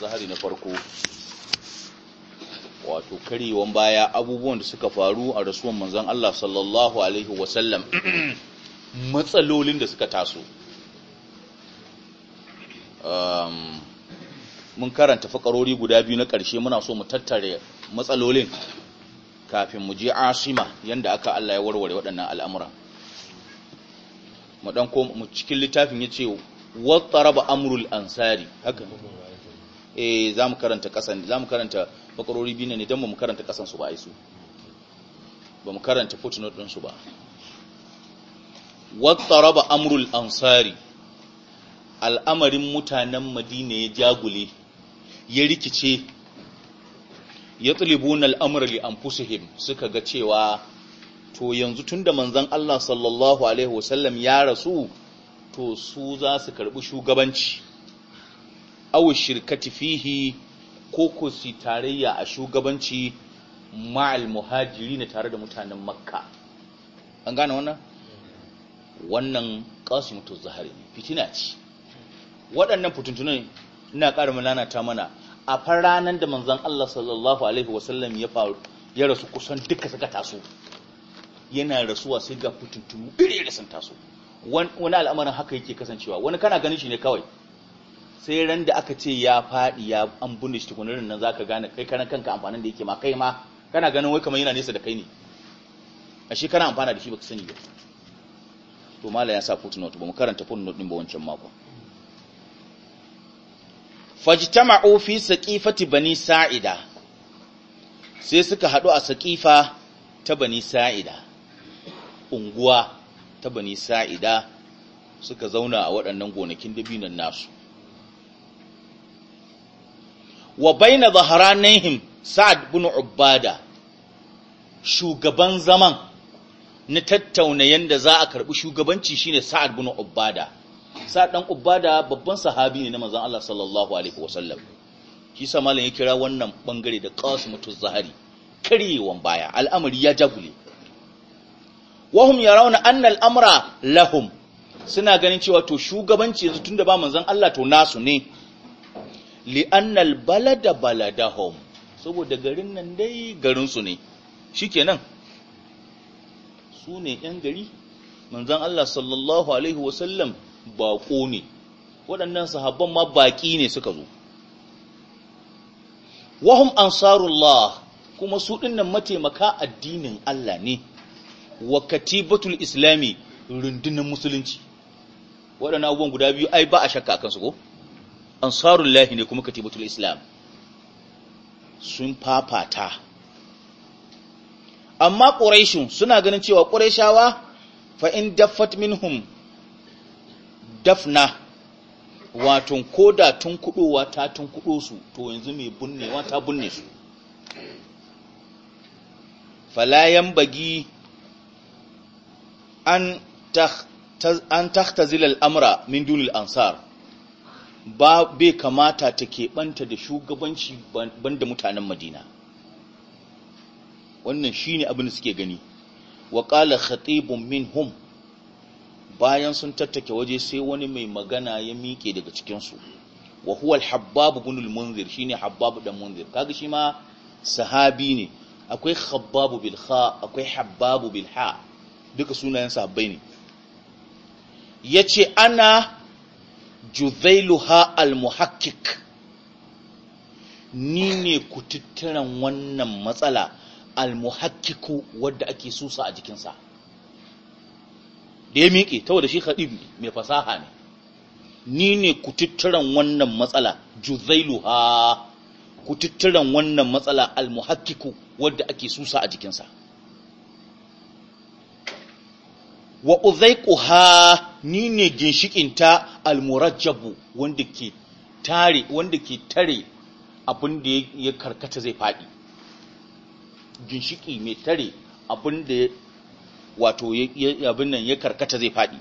zahari na farko wato karyewan baya abubuwan da suka faru a rasuwan manzan Allah sallallahu alaihi wasallam matsalolin da suka taso um, mun karanta fakarori guda biyu na ƙarshe muna so mu tattare matsalolin kafin mu je asima yadda aka Allah ya warware waɗannan al'amuran. mu ɗan ko mu cikin littafin ya ce wata Raba amrul ansari haka eh za mu karanta kasan za mu karanta bakarori biyu ne don mu karanta kasan su ba ai su ba mu karanta footnote din su ba wattaraba amrul ansari al'amarin mutanen madina ya jagule ya rikice ya tsulibuna al'amura li anfusihim suka ga cewa to yanzu tunda manzon Allah sallallahu alaihi wasallam ya rasu to su za su karbi shugabanci awu shirkati fihi ko ko su tarayya a shugabanci ma'al muhajirin tare da mutanen makka an gane wannan wannan kasim to zahari fitina ce waɗannan fitintunan ina ƙara ta mana a far ranar da manzon Allah sallallahu alaihi wasallam ya faru ya rasu kusan duka suka taso yana rasuwa sai ga fitintunu iri da sun taso wani al'amarin haka yake kasancewa wani kana ganin shi ne kawai sai ran da aka ce ya faɗi ya an bunne shi tukunin nan zaka gane kai karan kanka amfanin da yake ma kai ma kana ganin wai kamar yana nesa da kai ne shi kana amfana da shi baka sani ba to mala ya sa footnote ba mu karanta footnote din ba wancan makon fajtama'u fi saqifati bani sa'ida sai suka hadu a saqifa ta bani sa'ida unguwa ta bani sa'ida suka zauna a waɗannan gonakin dabinan nasu wa baina zaharanihim sa'ad bin ubada shugaban zaman na tattauna yanda za a karbi shugabanci shine sa'ad bin ubada sa'ad dan ubada babban sahabi ne na manzon Allah sallallahu alaihi wasallam kisa malam ya kira wannan bangare da qasimatu zahari karewan baya al'amari ya jagule wahum yarawna anna al'amra lahum suna ganin cewa to shugabanci yanzu tunda ba manzon Allah to nasu ne li'annal balada baladahum saboda garin nan dai garinsu ne shikenan su ne yan gari manzon Allah sallallahu alaihi wasallam bako ne waɗannan sahabban ma baki ne suka zo wahum ansarullah kuma su ɗinnan mataimaka addinin Allah ne wa katibatul islami rundunar musulunci waɗannan abubuwan guda biyu ai ba a shakka akan su ko ansarullahi ne kuma katibatul islam sun fafata amma ƙuraishun suna ganin cewa ƙuraishawa fa in daffat minhum dafna wato koda tun kudowa ta tun kudo su to yanzu mai bunnewa ta bunne su falayan bagi an tahtazil amra min dunil ansar ba bai kamata ta keɓanta da shugabanci banda mutanen madina wannan shine abin da suke gani wa qala khatibun Hum. bayan sun tattake waje sai wani mai magana ya miƙe daga cikinsu wa huwa al-habbab ibn al-munzir shine habbab dan munzir kaga shi ma sahabi ne akwai khabbab bil kha akwai habbab bil duka sunayen sahabbai ne yace ana juzailuha al-muhakkik ni ne ku kututturan wannan matsala al-muhakkiku wadda ake susa a jikinsa da ya miƙe ta wadda shi mai fasaha ne ni ne ku kututturan wannan matsala ku kututturan wannan matsala al-muhakkiku wadda ake susa a jikinsa wa ha ni ne ginshikinta almurajjabu wanda ke tare wanda ke tare abin da ya karkata zai fadi ginshiki mai tare abin da wato abin nan ya karkata zai fadi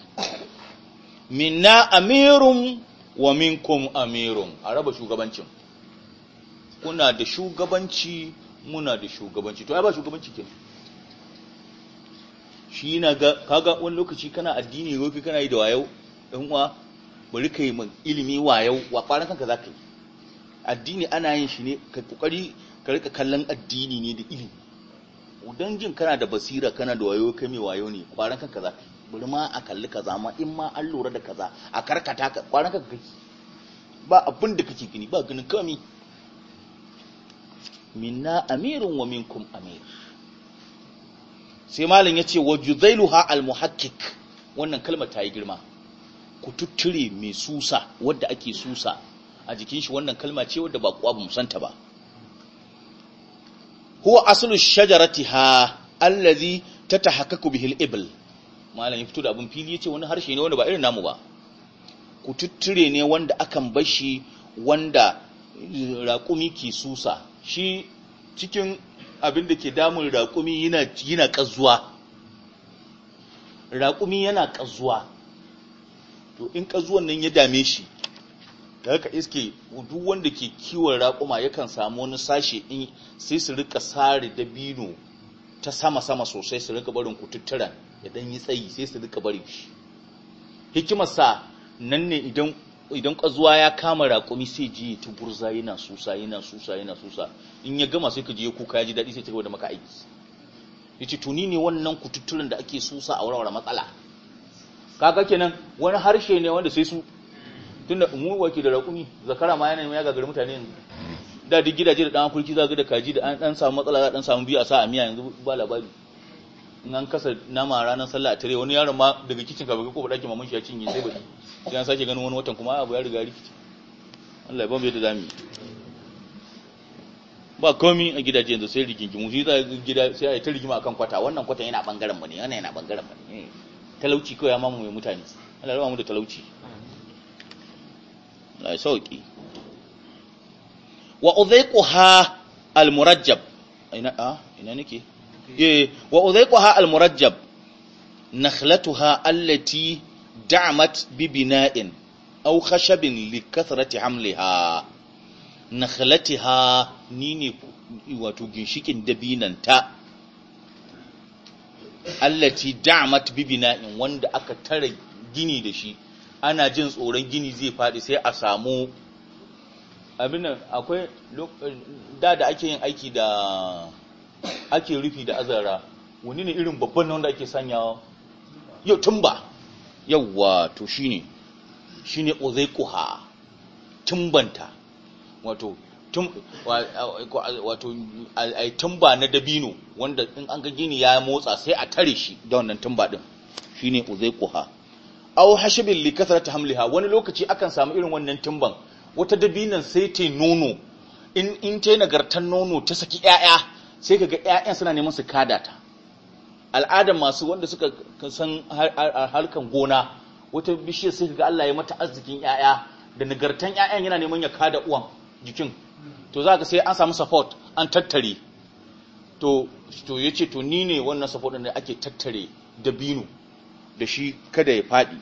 minna amirun wa minkum amirun a raba shugabancin kuna da shugabanci muna da shugabanci to ai ba shugabanci kenan shi na ga kaga wani lokaci kana addini rofi kana yi da wayo, ɗan uwa bari ka yi ilimi wayo wa ƙwaran kanka za ka yi addini ana yin shi ne ka ƙoƙari ka rika kallon addini ne da ilimi don jin kana da basira kana da wayo kai mai wayo ne ƙwaran kanka za ka yi bari ma a kalli kaza ma in ma an lura da kaza a karkata ka ƙwaran kanka kai ba abin da kake gini ba ganin kami minna amirun wa minkum amir sai malam ya ce wa juzailuha almuhakkik wannan kalmar ta yi girma ku tutture mai susa wadda ake susa a jikin shi wannan kalma ce wadda ba kuwa ba musanta ba huwa aslu shajaratiha allazi tatahakkaku bihil ibil. malam ya fito da abin fili yace wani harshe ne wanda ba irin namu ba Ku tutture ne wanda akan bashi wanda raƙumi ke susa shi cikin abin da ke damun raƙumi yana ƙazuwa raƙumi yana ƙazuwa to in ƙazuwan nan ya dame shi da haka iske duk wanda ke kiwon raƙuma yakan samu wani sashe in sai su rika sare dabino ta sama-sama sosai su rika barin kututturan ya dan yi tsayi sai su rika barin shi hikimarsa nan ne idan idan ƙwazuwa ya kama raƙumi sai ji ta gurza yana susa yana susa yana susa in ya gama sai ka je kuka ya ji daɗi sai ta gaba da maka aiki ya ce tuni ne wannan kututturen da ake susa a wurare matsala kaga kenan wani harshe ne wanda sai su tunda mu wake da raƙumi zakara ma yana ya gagari mutane yanzu da duk gidaje da ɗan kurki za ga da kaji da an ɗan samu matsala za a ɗan samu biyu a sa a miya yanzu ba labari nan an kasa nama ranar sallah a tare wani yaron ma daga kicin ka baka ko daki mamun shi ya cinye sai bari sai an sake ganin wani watan kuma abu ya riga rikici Allah ya ba mu yadda zamu ba komi a gidaje yanzu sai rigingimu shi za gida sai a yi ta rigima akan kwata wannan kwata yana bangaren mu ne wannan yana bangaren mu ne talauci kawai ya mai mutane Allah ya raba mu da talauci Allah ya sauki wa udhiquha al-murajjab ina a ah, ina nake eh wa uzaiquha almurajjab nakhlatuha allati da'mat bi bina'in aw khashabin li kathrati hamliha ni nini wato ginshikin dabinanta allati da'mat bi bina'in wanda aka tare gini da shi ana jin tsoron gini zai faɗi sai a samu abin akwai eh, da da ake yin aiki da ake rufi da azara wani ne irin babban wanda ake sanyawa yau tumba yawwa to shine shine uzaikuha tumbanta wato tum wato ai tumba na dabino wanda in an ga gini ya motsa sai a tare shi da wannan tumba din shine uzaikuha aw hashibil likasar ta hamliha wani lokaci akan samu irin wannan tumban wata dabinan sai ta nono in ta yi nagartan nono ta saki 'ya'ya sai ga 'ya'yan suna neman su kada ta al'adar masu wanda suka san harkar gona wata bishiyar sai ga Allah ya mata arzikin 'ya'ya da nagartan 'ya'yan yana neman ya kada uwan jikin to za ka sai an samu support an tattare to to yace to ni ne wannan support da ake tattare da binu da shi kada ya fadi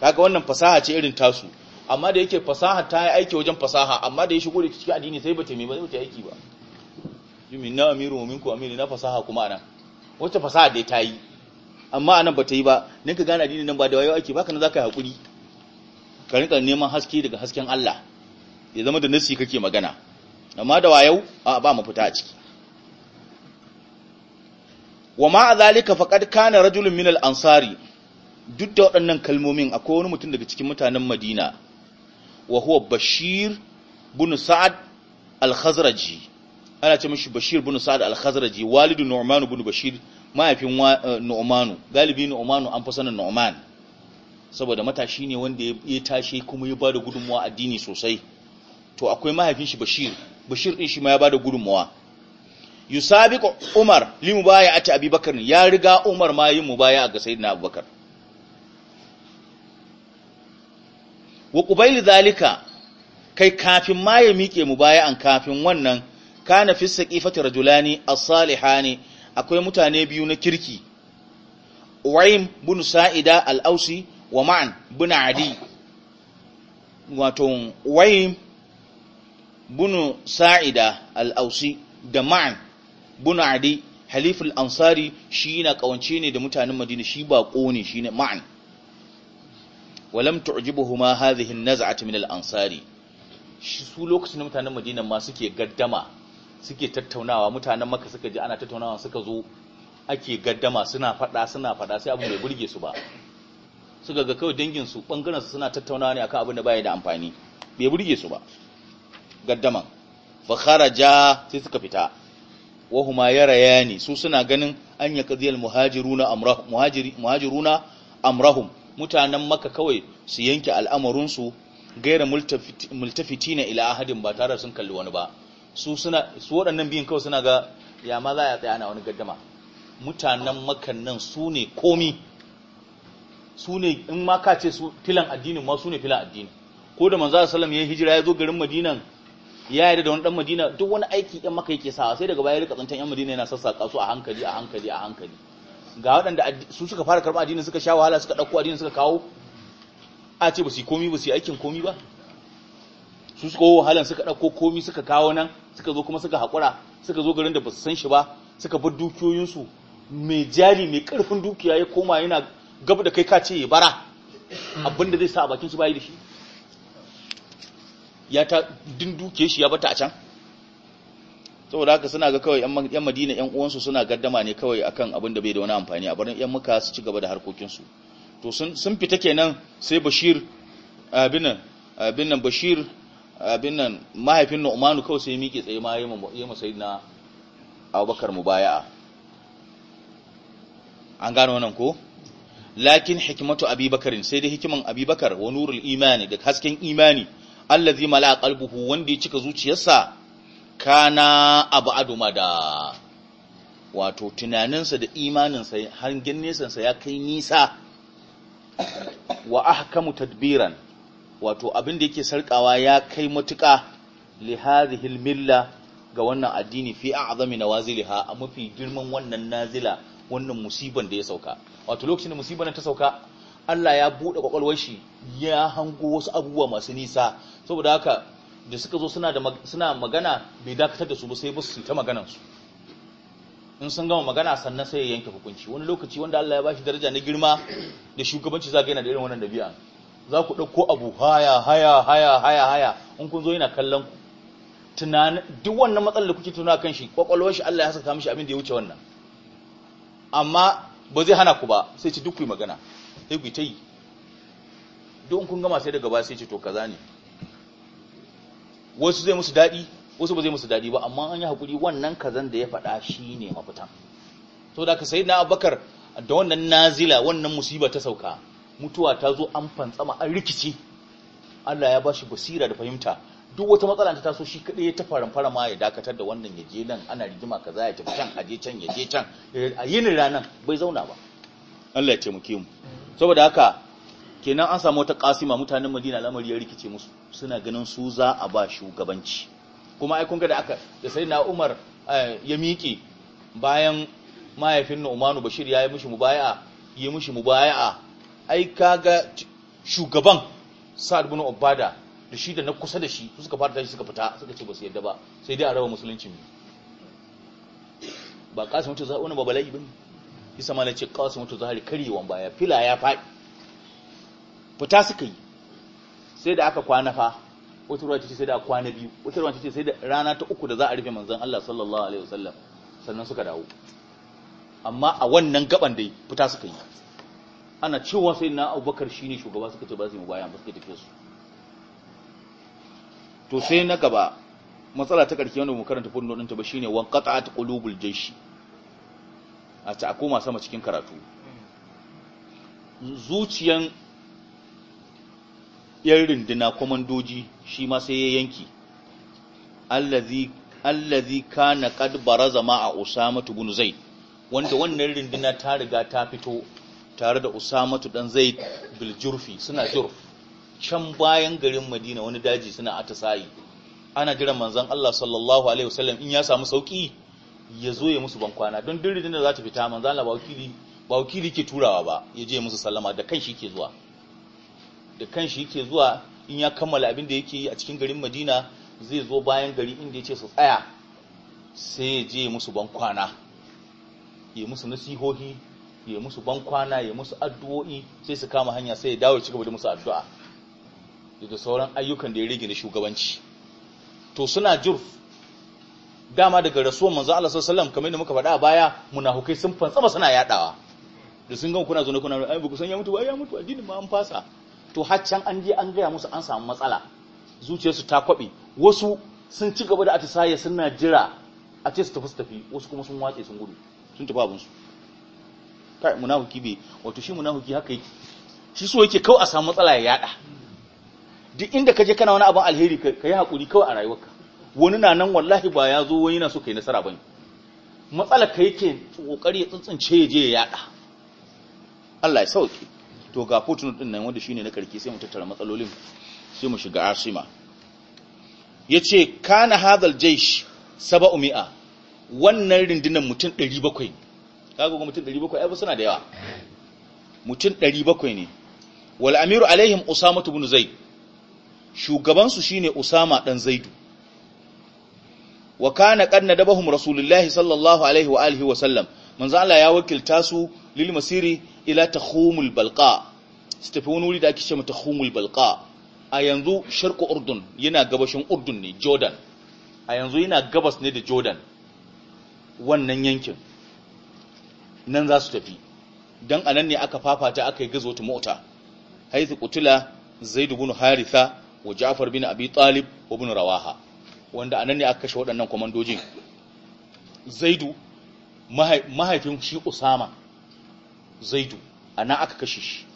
kaga wannan fasaha ce irin tasu amma da yake fasaha ta yi aiki wajen fasaha amma da ya shigo da cikin addini sai ba ta mai ba zai wuce aiki ba min na amiru wa minku amiru na fasaha kuma anan wacce fasaha dai ta yi amma anan ba ta yi ba nan ka gane addini nan ba da wayo ake baka nan ka yi haƙuri, ka rinka neman haske daga hasken Allah ya zama da nasi kake magana amma da wayo a ba mu fita a ciki wa ma zalika faqad kana rajulun min al-ansari duk da waɗannan kalmomin akwai wani mutum daga cikin mutanen Madina wa huwa Bashir ibn Sa'ad al-Khazraji ana ce mashi bashir bin sa'ad al-khazraji walidu nu'man bin bashir mahaifin eh, nu'manu galibi nu'manu an fi sanin nu'man saboda matashi ne wanda ya tashi kuma ya bada gudunmuwa addini sosai to akwai mahaifin shi bashir bashir din shi ma ya bada gudunmuwa yusabiqu umar li mubayati abubakar ya riga umar ma yin mubaya ga sayyidina abubakar wa qubayl zalika kai kafin ma ya miƙe an kafin wannan kana fi saqifati rajulani a salihani akwai mutane biyu na kirki Uwaim bin Sa'ida al-Ausi wa Ma'an bin Adi wato Uwaim bin Sa'ida al-Ausi da Ma'an bin Adi haliful ansari shi na kawance ne da mutanen madina shi ba kone, shi ne ma'an walam tu'jibuhuma hadhihi an-naz'atu min al-ansari shi su lokacin mutanen madina ma suke gaddama suke tattaunawa mutanen maka suka ji ana tattaunawa suka zo ake gaddama suna faɗa suna faɗa sai abu bai burge su ba suka ga kawai dangin su bangaren su suna tattaunawa ne akan abin da baya da amfani bai burge su ba gaddaman fa kharaja sai suka fita wa huma yarayani su suna ganin an ya qadiyal muhajiruna amrahum muhajiri muhajiruna amrahum mutanen maka kawai su yanke al'amarin su gaira multafitina ila ahadin ba tare sun kalli wani ba su suna su waɗannan biyun kawai suna ga ya ma za a tsaya na wani gaddama mutanen makan nan su ne komi su ne in ma ka ce su filan addinin ma su ne filan addini ko da manzo sallam ya hijira ya zo garin madinan ya yarda da wani dan madina duk wani aiki ɗan maka yake sawa sai daga baya ya rika tsantan yan madina yana sassaka su a hankali a hankali a hankali ga waɗanda su suka fara karɓar addinin suka sha wahala suka ɗauko addinin suka kawo a ce ba su yi komi ba su yi aikin komi ba su suka wahalan suka ɗauko komi suka kawo nan suka zo kuma suka haƙura suka zo garin da ba su san shi ba suka bar dukiyoyinsu mai jari mai ƙarfin dukiya ya koma yana gab da kai kace ya bara abinda zai sa a bakin shi bayi da shi ya ta din duke shi ya bata a can saboda haka suna ga kawai yan madina yan uwansu suna gaddama ne kawai akan abin da bai da wani amfani a barin yan muka su ci gaba da harkokinsu to sun fita kenan sai bashir abinan abinan bashir abin nan mahaifin Nu'manu kawai sai miƙe tsaye ma yayi ma sayyidina Abubakar mubaya'a an gano wannan ko lakin hikimatu Abubakar sai dai hikiman abubakar wa nurul imani da hasken imani Allah allazi mala qalbuhu wanda ya cika zuciyarsa kana abadu mada wato tunaninsa da imaninsa hangen nesansa ya kai nisa wa ahkamu tadbiran wato abin da yake sarkawa ya kai matuƙa li hadhihi milla ga wannan addini fi a'zami nawaziliha a mafi girman wannan nazila wannan musiban da ya sauka wato lokacin da musiban ta sauka Allah ya bude kwakwalwar shi ya hango wasu abubuwa masu nisa saboda haka da suka zo suna da suna magana bai dakatar da su ba sai basu ta maganar su in sun gama magana sannan sai ya yanke hukunci wani lokaci wanda Allah ya bashi daraja na girma da shugabanci zaka yana da irin wannan dabi'a za ku ɗauko abu haya haya haya haya haya in kun zo yana kallon ku tunanin duk wannan matsalar da kuke tuna kan shi kwakwalwar shi Allah ya saka mishi abin da ya wuce wannan amma ba zai hana ku ba sai ce duk ku magana sai ku ta yi duk in kun gama sai daga ba sai ce to kaza ne wasu zai musu daɗi wasu ba zai musu daɗi ba amma an yi hakuri wannan kazan da ya faɗa shi ne mafitan to da ka sayi na abakar da wannan nazila wannan musiba ta sauka mutuwa ta zo an fantsama an rikici Allah ya ba shi basira da fahimta duk wata matsala ta taso shi kadai ya tafara fara ma ya dakatar da wannan ya je nan ana rigima kaza ya tafi can aje can ya je can a yini ranan bai zauna ba Allah ya taimake mu saboda haka kenan an samu wata kasima mutanen Madina lamari ya rikice musu suna ganin su za a ba shugabanci kuma ai kun ga da aka da sai Umar eh, ya miƙe bayan mahaifin Nu'manu Bashir ya yi mishi mishi mubaya'a ai kaga shugaban sa'ad bin ubada da shi da na kusa da shi suka fara tashi suka fita suka ce ba su yadda ba sai dai a raba ne ba kasim mutu zahari wani ba bala'i isa ma na ce kasim mutu zahari karyewan baya fila ya faɗi fita suka yi sai da aka kwana fa wata ruwa ce sai da kwana biyu wata ruwa ce sai da rana ta uku da za a rufe manzan Allah sallallahu alaihi wasallam sannan suka dawo amma a wannan gaban dai fita suka yi ana cewa sai na abubakar shi ne shugaba suka ce ba su yi mubaya ba suka tafiye su to sai na gaba matsala ta ƙarfi wanda mu karanta fundo ɗinta ba shine wan ta qulubul jeshi a ta koma sama cikin karatu zuciyan yan rindina kwamandoji shi ma sai ya yanki allazi allazi kana qad bara zama a usama ibn zai wanda wannan rindina ta riga ta fito tare da usamatu dan zaid bil jurfi suna jurf can bayan garin madina wani daji suna atisayi ana jiran manzon Allah sallallahu alaihi wasallam in ya samu sauki ya zo ya musu bankwana don diridin da za ta fita manzon Allah ba wakili ba wakili ke turawa ba ya je musu sallama da kanshi yake zuwa da kanshi yake zuwa in ya kammala abin da yake yi a cikin garin Madina zai zo bayan gari inda ya ce su tsaya sai ya je musu bankwana ya musu nasihohi ya musu bankwana ya musu addu'o'i sai su kama hanya sai ya dawo ya gaba da musu addu'a da sauran ayyukan da ya rige na shugabanci to suna jurf dama daga rasuwan manzo Allah sallallahu alaihi wasallam kamar yadda muka faɗa a baya munafukai sun fantsama suna yadawa da sun gan kuna zo kuna ai ba ku san ya mutu ba ya mutu addini ma an fasa to haccan an je an gaya musu an samu matsala zuciyarsu ta kwabe wasu sun ci gaba da atisaye suna jira a ce su tafi su tafi wasu kuma sun watse sun gudu sun tafi abinsu kai munafiki bai wato shi munafiki haka yake shi so yake kawai a samu matsala ya yada duk inda kaje kana wani abin alheri ka yi hakuri kawai a rayuwarka wani na nan wallahi ba ya zo wani na so kai nasara bane matsala ka yake kokari ya tsintsince ya je ya yada Allah ya sauke to ga footnote din nan wanda shine na karki sai mu tattara matsalolin sai mu shiga asima yace kana hadal jaysh sab'u mi'a wannan rindinan mutum 700 kaga ga mutum 700 ai suna da yawa mutum 700 ne wal amiru alaihim usama ibn zaid shugaban su shine usama dan zaidu wa kana qanna dabahum rasulullahi sallallahu alaihi wa alihi wa sallam manzo Allah ya wakilta su lil masiri ila takhumul balqa su tafi wani wuri da ake ce mata khumul balqa a yanzu sharqu urdun yana gabashin urdun ne jordan a yanzu yana gabas ne da jordan wannan yankin nan za su tafi don anan ne aka fafata aka yi gazo ta mota haithu kutula zaid ibn haritha wa ja'far bin abi talib wa bin rawaha wanda anan ne aka kashe waɗannan komandojin zaidu mahaifin shi usama zaidu ana aka kashe shi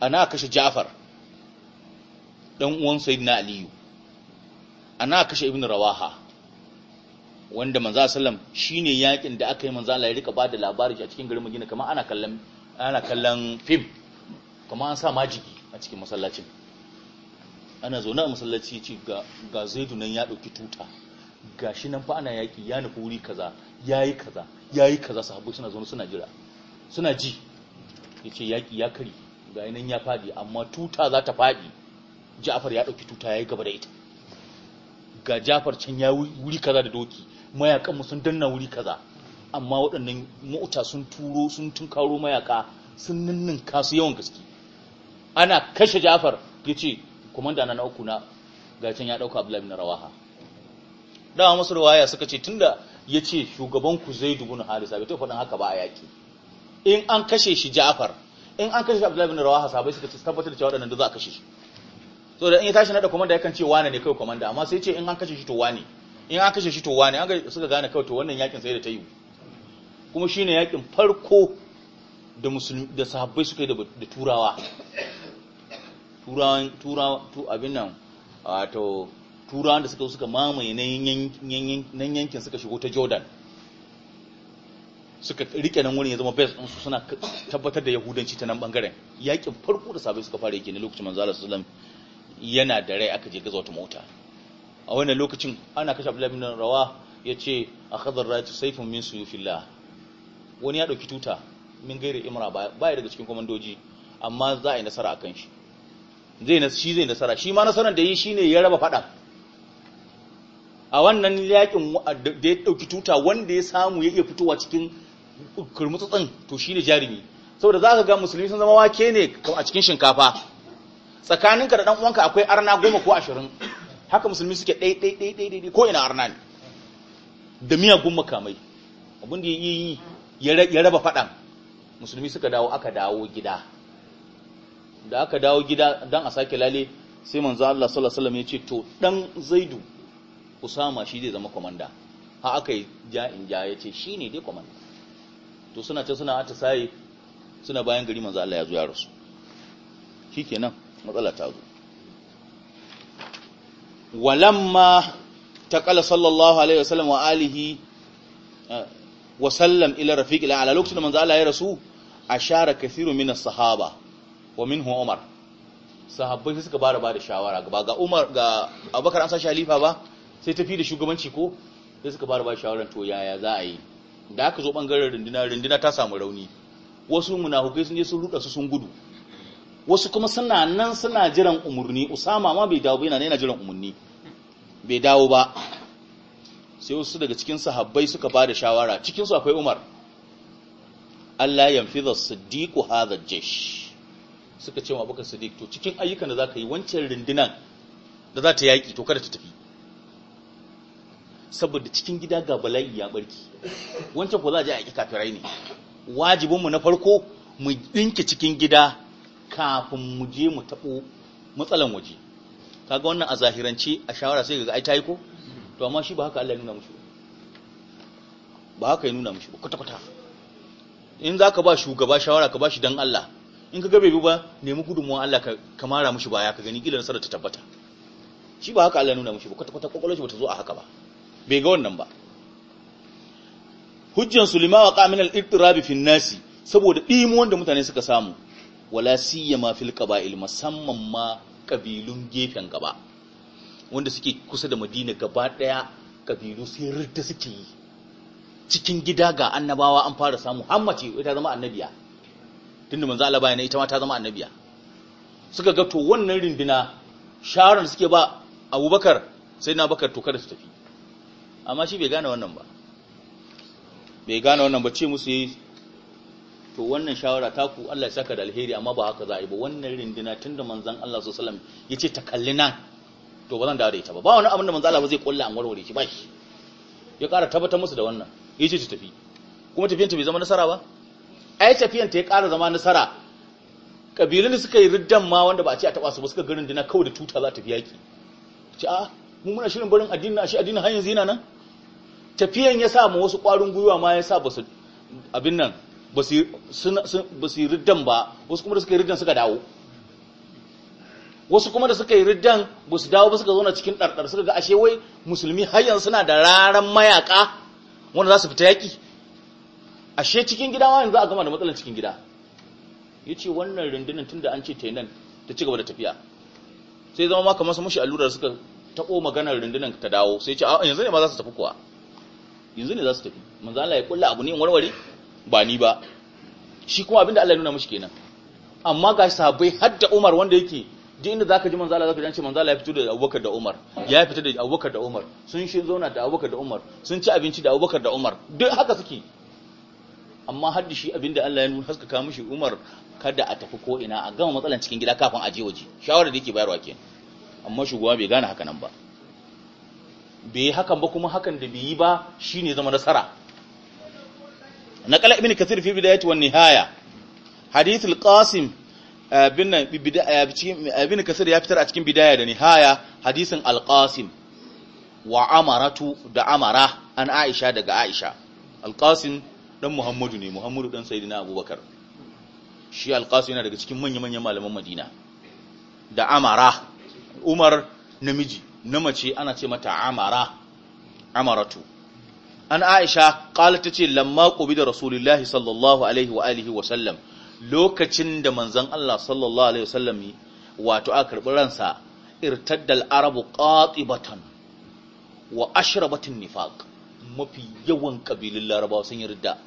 ana aka kashe ja'far ɗan uwan na aliyu ana aka kashe ibn rawaha wanda manzo sallam shine yakin da aka yi manzo Allah ya rika bada labari a cikin garin Madina kamar ana kallon ana kallon film kamar an sa majiki a cikin masallacin ana zaune a masallaci ce ga ga Zaidu nan ya dauki tuta gashi nan fa ana yaki ya nufi wuri kaza yayi kaza yayi kaza sahabbai suna zo suna jira suna ji yace yaki ya kare ga nan ya fadi amma tuta za ta fadi Ja'far ya dauki tuta yayi gaba da ita ga Ja'far can ya wuri kaza da doki mayakanmu sun danna wuri kaza amma waɗannan mota sun turo sun tunkaro mayaka sun ninnin su yawan gaske ana kashe jafar ya ce komanda na uku na gacin ya ɗauka abdullahi na rawaha dama masu rawaya suka ce tunda ya ce shugabanku zai dubu na harisa bai faɗin haka ba a yaƙi in an kashe shi jafar in an kashe abdullahi na rawaha sabai suka ce tabbatar da cewa waɗannan da za a kashe shi so da in ya tashi na da komanda yakan ce wane ne kai komanda amma sai ce in an kashe shi to wane in aka kashe shi to wane aka suka gane kawai to wannan yakin sai da ta yi kuma shine yakin farko da musulmi da sahabbai suka yi da turawa turawan turawa to abin nan wato turawan da suka suka mamaye nan yankin suka shigo ta Jordan suka rike nan wurin ya zama base su suna tabbatar da yahudanci ta nan ɓangaren yakin farko da sahabbai suka fara yake ne lokacin manzo Allah sallallahu alaihi wasallam yana da rai aka je gaza wata mota a wannan lokacin ana kashe Abdullahi bin Rawa ya ce a ar-rayatu saifin min suyufillah wani ya dauki tuta min gairi imra baya daga cikin komandoji amma za a yi nasara akan shi zai shi zai nasara shi ma nasaran da yi shine ya raba fada a wannan yakin da ya dauki tuta wanda ya samu ya iya fitowa cikin kurmutsutsin to shine jarumi saboda za ka ga musulmi sun zama wake ne a cikin shinkafa tsakaninka da dan uwanka akwai arna goma ko ashirin haka musulmi suke ɗai ɗai ɗai ko ina arna ne da miyagun makamai abin ya yi ya raba faɗan musulmi suka dawo aka dawo gida da aka dawo gida don a sake lale sai manzo Allah sallallahu ya ce to dan Zaidu Usama shi zai zama komanda ha aka yi ja in ja ya ce shi ne dai komanda to suna ce suna atisaye suna bayan gari manzo Allah ya zo ya rasu kenan matsala ta zo walamma ta kala sallallahu alaihi wasallam wa alihi eh, wa sallam ila rafiq ila ala lokacin manzo Allah ya rasu ashara kathiru min as-sahaba wa minhu Umar sahabbai suka bara bada shawara ga ga Umar ga Abubakar an sa shalifa ba sai tafi da shugabanci ko sai suka bara bada shawara to yaya za a yi da aka zo bangaren runduna runduna ta samu rauni wasu munafukai sun je sun ruda su sun gudu wasu kuma suna nan suna jiran umarni usama ma bai dawo ba yana jiran umarni bai dawo ba sai wasu daga cikin sahabbai suka ba da shawara cikinsu akwai umar Allah ya yanfiza siddiqu hadha jaysh suka ce wa abubakar siddiq to cikin ayyukan da zaka yi wancan rindinan da za ta yaki to kada ta tafi saboda cikin gida ga bala'i ya barki wancan ko za a je a yaki kafirai ne wajibinmu na farko mu dinke cikin gida kafin mu je mu taɓo matsalan waje kaga wannan a zahirance a shawara sai ga ai tayi ko to amma shi ba haka Allah ya nuna mushi ba haka ya nuna mushi ba kwata kwata in zaka ba shugaba shawara ka bashi dan Allah in kaga bai bi ba nemi gudunmuwan Allah ka kamara mushi baya ka gani kila nasara ta tabbata shi ba haka Allah ya nuna mushi ba kwata kwata kokolon shi bata zo a haka ba bai ga wannan ba hujjan sulima wa qaminal ittirabi fi nasi saboda dimo wanda mutane suka samu wala ma fil qaba'il musamman ma kabilun gefen gaba wanda suke kusa da Madina gaba daya kabilu sai ridda suke yi cikin gida ga annabawa an fara samu hammace ita zama annabiya tunda manzo Allah bayana ita ma ta zama annabiya suka ga to wannan rindina sharan suke ba Abubakar sai na Bakar to kada su tafi amma shi bai gane wannan ba bai gane wannan ba ce musu to wannan shawara ta ku Allah ya saka da alheri amma ba haka za a yi ba wannan rindina tunda manzon Allah sallallahu alaihi wasallam yace ta kalli nan to ba zan dawo da ita ba ba wani abin da manzon Allah ba zai kulla an warware shi ba shi ya ƙara tabbatar musu da wannan yace ta tafi kuma tafiyan ta bai zama nasara ba ai tafiyan ta ya ƙara zama nasara kabilun da suka yi riddan ma wanda ba a ce a taba su ba suka garin dina kawai da tuta za ta fi yaki ce a mu muna shirin barin addini a shi addini har yanzu yana nan tafiyan ya sa mu wasu ƙwarin gwiwa ma ya sa ba su abin nan ba su yi riddan ba wasu kuma da suka yi riddan suka dawo wasu kuma da suka yi riddan ba su dawo ba suka zauna cikin ɗarɗar suka ga ashe wai musulmi har yanzu suna da raran mayaka wanda za su fita yaƙi ashe cikin gida wani za a gama da matsalar cikin gida ya ce wannan rundunar tun da an ce ta nan ta ci gaba da tafiya sai zama maka masa mushi allurar suka taɓo maganar rundunar ta dawo sai ce yanzu ne ma za su tafi kuwa yanzu ne za su tafi manzo Allah ya kulla abu ne warware ba ni ba shi kuma abinda Allah ya nuna mishi kenan amma ga sahabbai har da Umar wanda yake duk inda zaka ji manzala zaka ji an ce manzala ya fito da Abubakar da Umar ya fita da Abubakar da Umar sun shi zauna da Abubakar da Umar sun ci abinci da Abubakar da Umar duk haka suke amma har da shi abinda Allah ya nuna haskaka mishi Umar kada a tafi ko ina a gama matsalan cikin gida kafin a je waje shawara da yake bayarwa kenan amma shugaba bai gane haka nan ba bai hakan ba kuma hakan da bai yi ba shine zama nasara نقل ابن كثير في البداية والنهاية حديث القاسم ابن كثير يفتر أتكين بداية ونهاية حديث القاسم وعمرة دعمرة أن عائشة دقى عائشة القاسم dan Muhammadu ne Muhammadu dan Sayyidina Abubakar shi alqasu yana daga cikin manya-manyan malaman Madina da Amara Umar namiji na mace ana ce mata Amaratu an aisha qala ce lamma da rasulullahi sallallahu alaihi wa alihi wa sallam lokacin da manzan Allah sallallahu alaihi wa yi wato a karbi ransa irtaddal arabu qatibatan wa ashrabatin nifaq mafi yawan ƙabilun larabawa sun yi ridda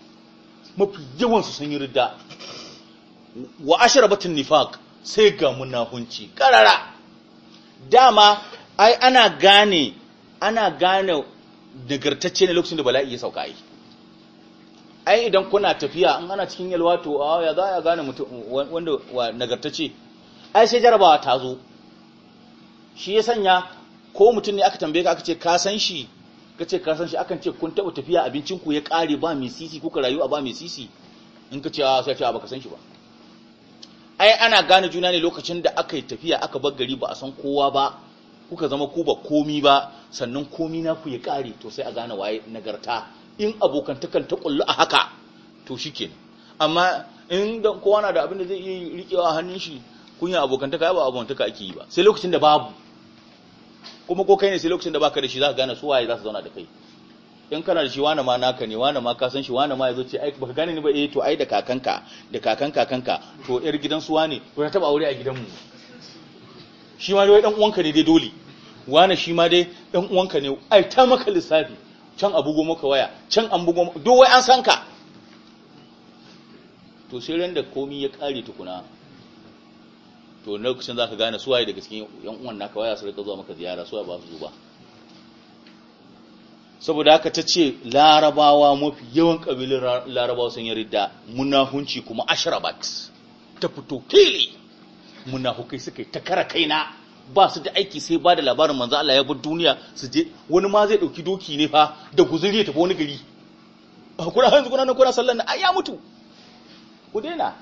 mafi yawan su sun yi ridda wa ashrabatin nifaq sai ga munafunci ƙarara dama ai ana gane ana gane nagartacce ne lokacin da bala'i ya sauka yi ai idan kuna tafiya in ana cikin yalwa to a ya za a gane mutum wanda wa nagartacce ai sai jarabawa ta zo shi ya sanya ko mutum ne aka tambaye ka aka ce ka san shi ka ce ka san shi akan ce kun taɓa tafiya abincin ku ya ƙare ba mai sisi kuka rayu a ba mai sisi in ka ce a sai ce a baka san shi ba ai ana gane juna ne lokacin da aka yi tafiya aka bar gari ba a san kowa ba kuka zama ku ba komi ba sannan komi na ku ya kare to sai a gane waye nagarta in abokantakan ta kullu a haka to shikenan amma in da kowa na da abin da zai iya rikewa hannun shi kunya abokantaka ba abokantaka ake yi ba sai lokacin da babu kuma ko kai ne sai lokacin da baka da shi zaka gane su waye za su zauna da kai in kana da shi wane ma naka ne wane ma ka san shi wane ma yazo ce ai baka gane ni ba eh to ai da kakanka da kakan kakanka to yar gidan su wane to ta taba aure a gidanmu shi ma dai dan uwanka ne dai dole wane shi ma dai dan uwanka ne ai ta maka lissafi can a bugo ka waya can an bugo maka duk wai an san ka to sai ran da komi ya kare tukuna to za ka gane suwaye daga cikin yan uwan naka waya su rika zuwa maka ziyara suwa ba su zuba? ba saboda haka ta ce larabawa mafi yawan ƙabilun larabawa sun yi ridda munahunci kuma ashrabat ta fito kili munafukai suka yi ta kara kaina ba su da aiki sai ba da labarin manzo Allah ya bar duniya su je wani ma zai dauki doki ne fa da guzuri ya tafi wani gari kuna hanzu kuna nan kuna sallan ai ya mutu ku daina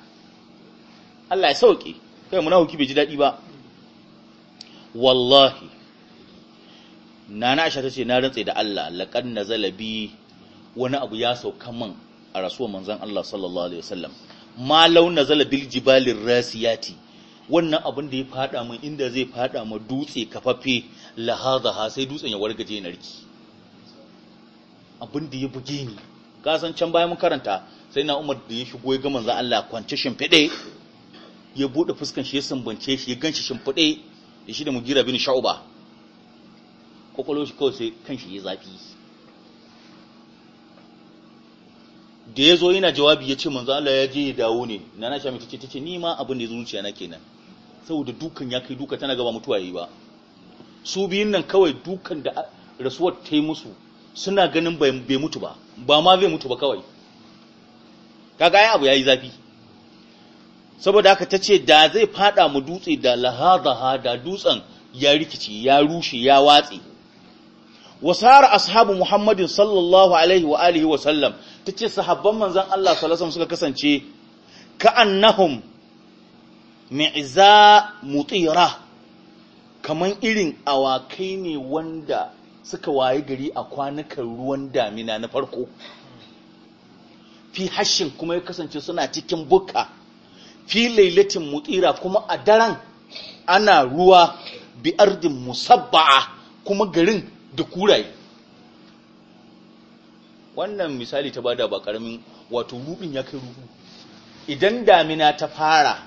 Allah ya sauke kai munafuki bai ji dadi ba wallahi nana Aisha tace na rantsa da Allah laqad nazala bi wani abu ya sauka man a rasuwar manzon Allah sallallahu alaihi wasallam ma launa zala jibalir rasiyati wannan abin da ya fada min inda zai fada ma dutse kafaffe ha sai dutsen ya wargaje narki abin da ya buge ni kasan can bayan mun karanta sai na Umar da ya shigo ya ga manzo Allah kwance shimfide ya bude fuskan shi ya sumbance shi ya ganshi shimfide ya shi da Mugira bin Sha'uba kokolo shi kawai sai kanshi ya zafi da ya zo yana jawabi ya ce manzo Allah ya je ya dawo ne na na shami tace tace ni ma abin da ya zuciya na kenan saboda dukan ya kai duka tana gaba mutuwa yi ba su biyun nan kawai dukan da rasuwar ta yi musu suna ganin bai mutu ba ba ma bai mutu ba kawai kaga ai abu yayi zafi saboda haka tace da zai fada mu dutse da lahadha da dutsen ya rikici ya rushe ya watse wasara ashabu muhammadin sallallahu alaihi wa alihi wa sallam ta ce sahabban manzan Allah salasa suka kasance ka'annahum mi'iza Mutsira, kamar irin awakai ne wanda suka waye gari a kwanukan ruwan damina na farko fi hashin kuma ya kasance suna cikin buka fi lailatin mutira kuma a daren ana ruwa bi ardin musabba'a kuma garin da kuraye wannan misali ta bada ba karamin wato rubin ya kai rubu idan damina ta fara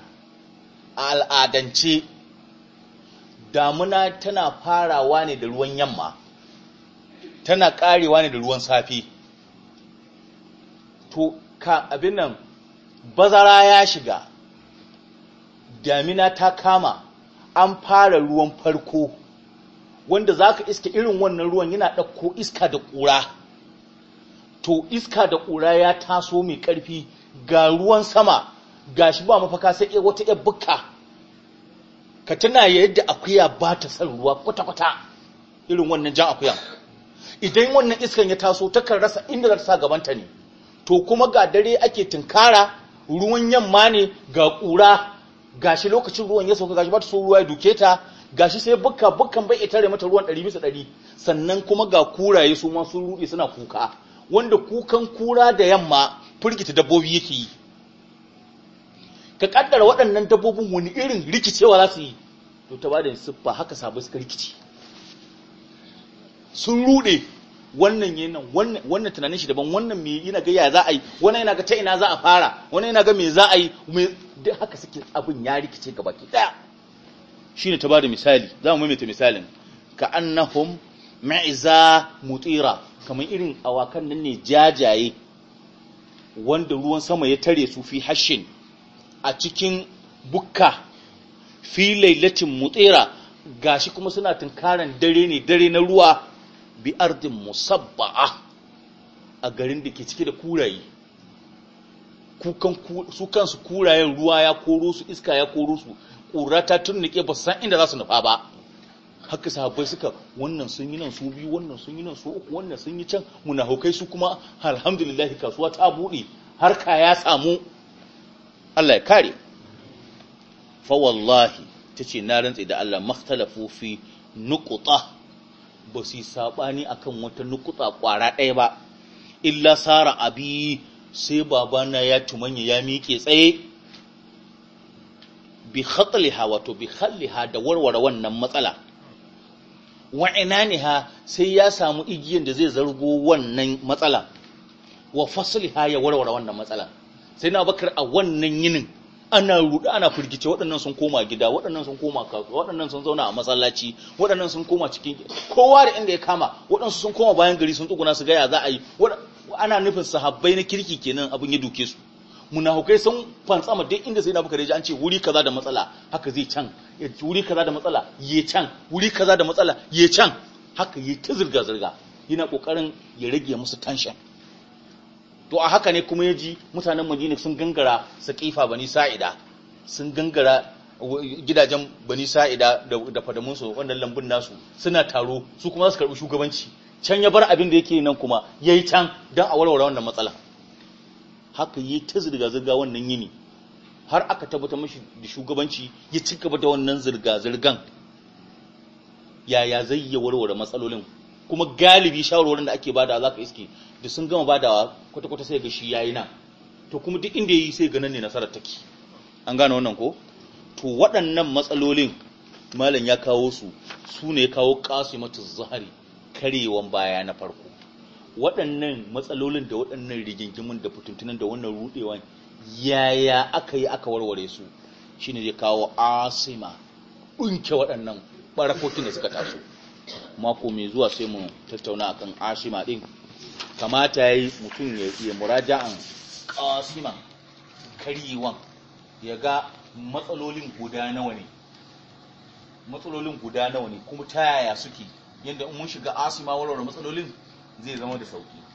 a al'adance damina tana farawa ne da ruwan yamma tana karewa ne da ruwan safe to ka abin nan bazara ya shiga damina ta kama an fara ruwan farko wanda za ka iska irin wannan ruwan yana ɗauko iska da ƙura to iska da ƙura ya taso mai ƙarfi ga ruwan sama ga shi ba mafaka sai wata ‘yar bukka ka tuna yadda akuya ba ta san ruwa kwata-kwata irin wannan jan akuya idan wannan iskan ya taso takan rasa inda za ta sa gabanta ne to kuma ga dare ake tunkara ruwan yamma ne ga ƙura ga shi lokacin ruwan ya sauka ga shi ba ta so ruwa ya duke ta ga shi sai bukka bukkan bai itare mata ruwan 100 bisa 100 sannan kuma ga kuraye su ma sun ruɗe suna kuka wanda kukan kura da yamma firgita dabbobi yake yi ka kaddara waɗannan dabbobin wani irin rikicewa za su yi to ta bada siffa haka sabu suka rikice sun rude wannan yana wannan tunanin shi daban wannan me yana ga ya za a yi wani yana ga ta ina za a fara wani yana ga me za a yi duk haka suke abin ya rikice gaba ki daya shine ta bada misali za mu maimaita misalin ka annahum ma'iza mutira kamar irin awakan nan ne jajaye wanda ruwan sama ya tare su fi hashin a cikin bukka fi lailatin mutira gashi kuma suna tunkaran dare ne dare na ruwa bi ardin musabba'a a garin da ke cike da kurayi su kansu kurayen ruwa ya koro su iska ya koro su ƙura ta tunnike ba san inda za su nufa ba haka sahabbai suka wannan sun yi nan su biyu wannan sun yi nan su uku wannan sun yi can munafukai su kuma alhamdulillah kasuwa ta buɗe harka ya samu Allah ya kare fa wallahi tace na rantsi da Allah makhtalafu fi nuqta ba su sabani akan wata nuqta kwara ɗaya ba illa sara abi sai babana ya tumanya ya miƙe tsaye bi khatliha wato bi khalliha da warware wannan matsala ne ha sai ya samu igiyan da zai zargo wannan matsala wa fasali ha ya warware wannan matsala sai na bakar a wannan yinin ana rudu ana firgice waɗannan sun koma gida waɗannan sun koma kasuwa waɗannan sun zauna a masallaci waɗannan sun koma cikin kowa da inda ya kama waɗansu sun koma bayan gari sun tsuguna su gaya za a yi ana nufin sahabbai na kirki kenan abin ya duke su munafukai sun fantsama duk inda sai na bukari ji an ce wuri kaza da matsala haka zai can wuri kaza da matsala ya can wuri kaza da matsala ya can haka ya ta zirga zirga yana kokarin ya rage musu tension to a haka ne kuma yaji mutanen Madina sun gangara saqifa bani sa'ida sun gangara gidajen bani sa'ida da su wannan lambun nasu suna taro su kuma za su karbi shugabanci can ya bar abin da yake nan kuma yayi can don a warware wannan matsalar haka yi ta zirga-zirga wannan yini har aka tabbatar mashi da shugabanci ya ci gaba da wannan zirga-zirgan yaya zai yi warware matsalolin kuma galibi shawarwarin da ake bada za ka iske da sun gama badawa kwata-kwata sai ga shi yi na to kuma duk inda ya yi sai ga ne nasarar take an gane wannan ko to waɗannan matsalolin malam ya kawo su su ne ya kawo mata zahari karewan baya na farko waɗannan matsalolin da waɗannan rigingimin da fitintunan da wannan rudewan yaya aka yi aka warware su shine zai kawo asima ɗunke waɗannan ɓarakokin da suka taso mako mai zuwa sai mu tattauna akan asima ɗin kamata ya yi mutum ya muraja'an asima karyewan ya ga matsalolin guda nawa ne matsalolin guda nawa ne kuma ta yaya suke yadda mun shiga asima warware matsalolin 自我的机。